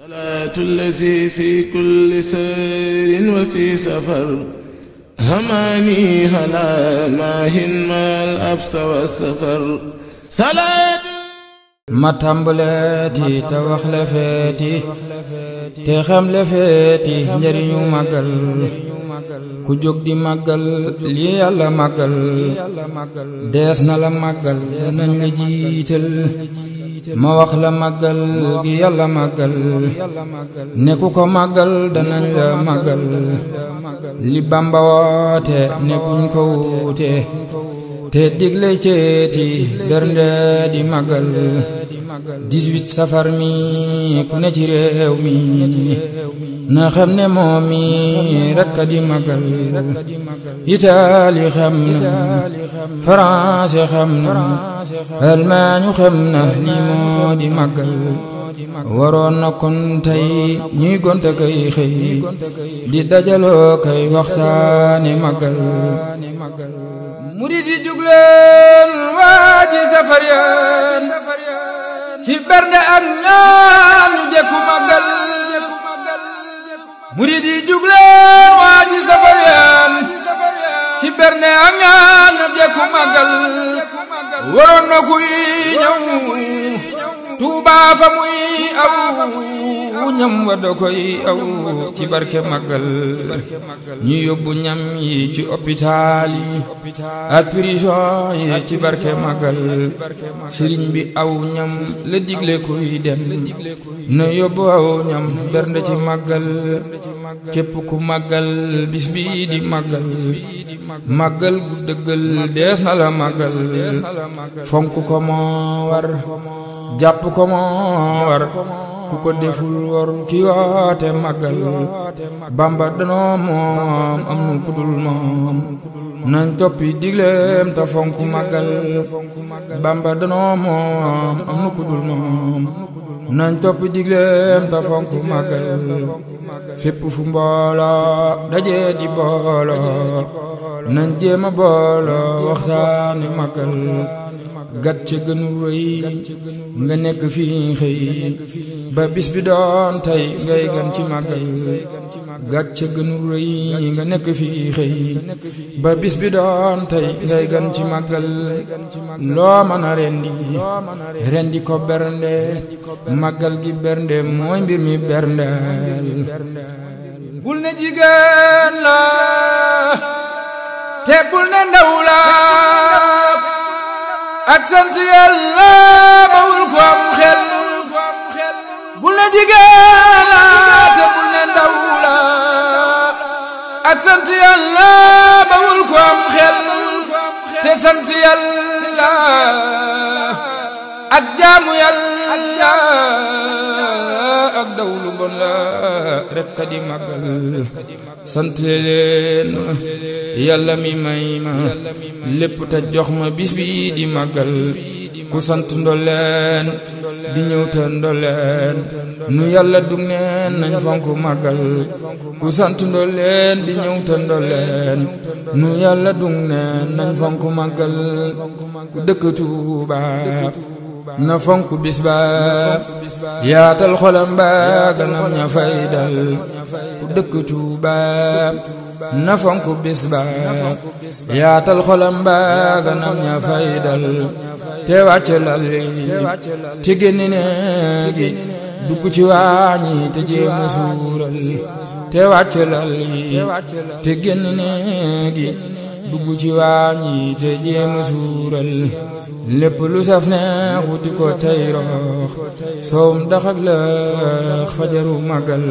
salaatu lazi fi kulli sayrin wa fi safar hamaani halaa maahin maal absa wa safar salaatu ma tàmbaleeti te wax la feeti te xam la feeti njariñu màggal ku jóg di màggal lii yàlla màggal dees na la màggal danañ la jiital ma wax la màggal gi yàlla màggal ne ku ko màggal danañ la màggal li Bàmba woote ne buñ ko wuute te digle ceeti bernde di màggal 18 safar mi ku ne ci réew mi na xam ne moom mi rekk di magal Italie xam na France xam na Allemagne xam na li moo di magal waroon na kon tey ñuy gonta kay xëy di dajaloo kay waxtaane magal murid yi jugleen waaji safar yaan ci bernde ak ñaanu jekku magal murid yi jugleen waa ji safar yeen ci bernde ak ñaanu jekku magal waroon na kuy ñëw Tuuba muy aw ñam wa da koy aw ci barke màggal ñu yóbbu ñam yi ci hôpital yi ak prison yi ci barke màggal sëriñ bi aw ñam la digle kuy dem na yóbbu aw ñam bernde ci màggal képp ku màggal bis bi di màggal màggal gu dëggal dees na la màggal fonk ko moo war jàpp ko moo war ku ko deful warum ki woote màggal bamba danoo moom am nu ku moom nañ toppi digleem te fonku màggal bamba danoo moom am nu ku dul moom nañ toppi digleem fu mbooloo dajee di booloo nañ jéema booloo waxtaani màggal gàcce gënu rëy nga nekk fii xëy ba bis bi doon tey ngay gën ci màggal gàcce gënu rëy nga nekk fii xëy ba bis bi doon tey ngay gën ci màggal loo mën a rendi rendi ko bernde màggal gi bernde mooy mbir mi berndeel bul ne jigéen la te bul ne ndaw la ak sant yàlla bawul ko am xel ne jigéen la te bul ne ndaw ak sant yàlla ba wul ko am xel te sant yàlla ak jaamu yàlla ak dawlu bon la rek ka di màggal sant leen yàlla mi may ma lépp te jox ma bis di màggal ku sant ndolleen di ñëw te ndolleen nu yàlla dug neen nañ fonk màggal ku sant ndolleen di ñëw te ndolleen nu yàlla dug neen nañ fonk màggal ku dëkk Tuuba na fonk bis ba yaatal xolam ba ganam ña ku dëkk ba yaatal xolam ba ganam ña te wàcce lal yi te génne neeg gi dugg ci waañi te jéem a suural te wàcce lal yi te génne neeg yi dugg ci waañi te jéema suural lépp lu saf neex wuti ko tey soom dax ak lëx fajaru màggal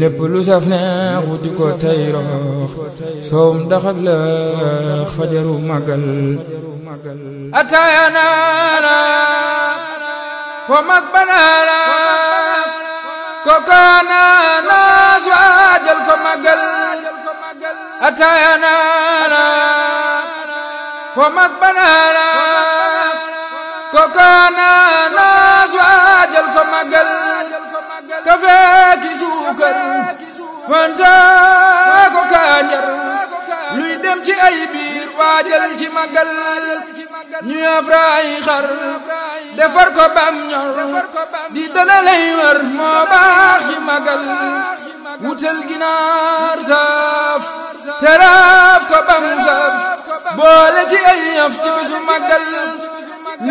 lépp lu saf neex wuti ko tey soom dax lëx fajaru màggal ataaya naana ko mag banaana ko kaana naas waajal ko màggal ataaya banaana ko mag banaana ko kaana naas waajal ko magal ka suukar fanta ko kaanjar luy dem ci ay biir waajal ci magal ñu afraay xar defar ko bam ñor di dana lay war moo baax ci magal wutal ginaar saaf teraaf ko bam saf boole ci ay yëf ci bisu màggal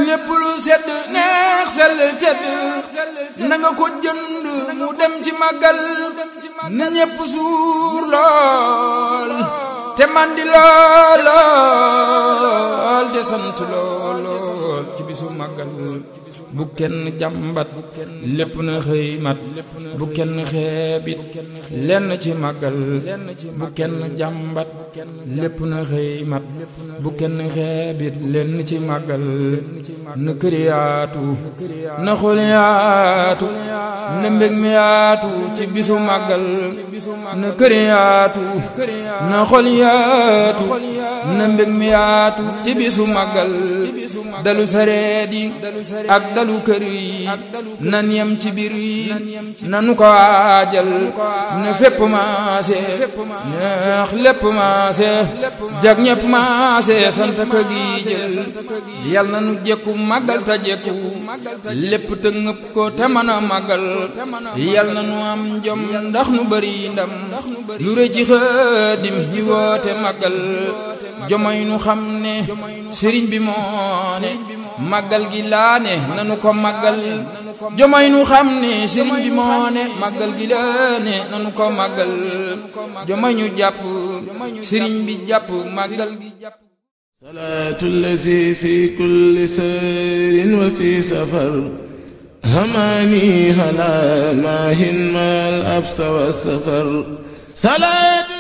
lépp lu sedd neex sell tedd na ko jënd mu dem ci màggal na ñépp suur lool te mandi lool lool te sant lool lool ci bisu màggal bu kenn jàmbat lépp na xëy mat bu kenn xeebit lenn ci màggal bu kenn jàmbat lépp na xëy bu kenn xeebit lenn ci màggal na kër yaatu na xol yaatu na mbég mi yaatu ci bisu màggal na kër yaatu na xol yaatu na mbég ci bisu màggal dalu sareet yi ak dalu kër yi nan yem ci biir yi nanu ko waajal ne fépp maase neex lépp maase jag ñépp maase sant ko gi jël yal na nu jekku màggal ta jekku lépp te ngëpp ko te mën a màggal yal na nu am jom ndax nu bari ndam lu rëy ci xëdim ji woote màggal jomay nu xam ne sëriñ bi moo ne màggal gi laa ne nanu ko màggal jomay nu xam ne bi moo ne màggal gi laa ne nanu ko màggal jàpp sëriñ bi jàpp màggal gi jàpp salaatu allazi fi kulli sayrin wa fi safar hamaani halaa maahin maal absa wa safar